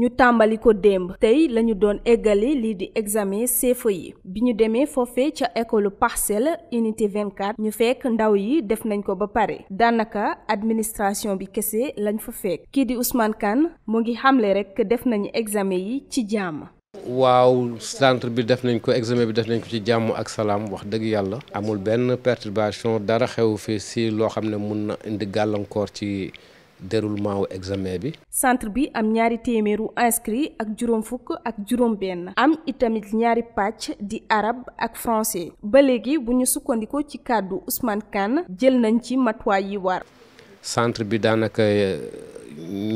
ñu tàmbali ko démb tey lañu doon eggale lii di examen CFEE yi bi demee foofe ca école parcelle unité 24 ñu fekk ndaw yi def nañ ko ba pare daanaka administration bi kese lañ fa fekk kii di Ousmane Kane mu ngi xamle rekk def nañu examen yi ci jàmm waaw centre bi def nañ ko examen bi def nañ ko ci jàmm ak salaam wax dëgg yàlla amul benn perturbation dara xew fi si loo xam ne mun na indi gàllankoor ci déroulement wu examen bi. centre bi am ñaari téeméeru inscrit ak juróom fukk ak juróom benn. am itamit ñaari pàcc di arab ak français. ba léegi bu ñu sukkandikoo ci kàddu Ousmane Kane jël nañ ci matuwaay yi war. centre bi daanaka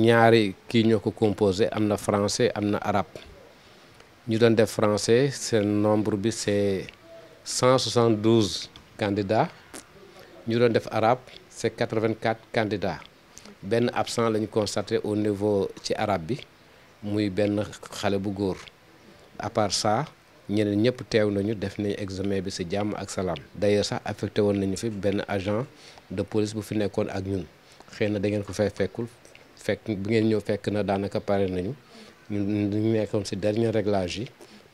ñaari kii ñoo ko composé am na français am na arab. ñu doon def français seen nombre bi c'est 172 candidats ñu doon def arabe c'est 84 candidats benn absent la ñu constaté au niveau ci arabe bi muy benn xale bu góor à part ça ñeneen ñëpp teew nañu def nañu examen bi ci jàmm ak salaam d'ailleurs sax affecté woon nañu fi benn agent de police bu fi nekkoon ak ñun xëy na da ngeen ko fay fekkul fekk bi ngeen ñëw fekk na daanaka pare nañu ñun dañu nekkoon ci dernier réglage yi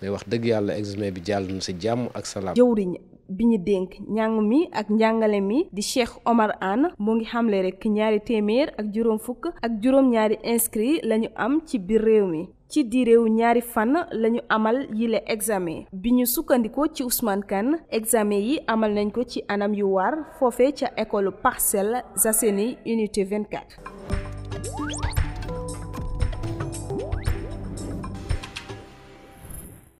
mais wax dëgg yàlla examen bi jàll na si jàmm ak salaam. jëwriñ bi ñu dénk njàng mi ak njàngale mi di Cheikh Omar Anne mu ngi xamle rekk ñaari téeméer ak juróom fukk ak juróom ñaari inscrits la am ci biir réew mi. ci di réew ñaari fan lañu amal yile examen bi ñu sukkandikoo ci Ousmane Kane examen yi amal nañ ko ci anam yu war foofe ca école Parcelles Assainies unité 24.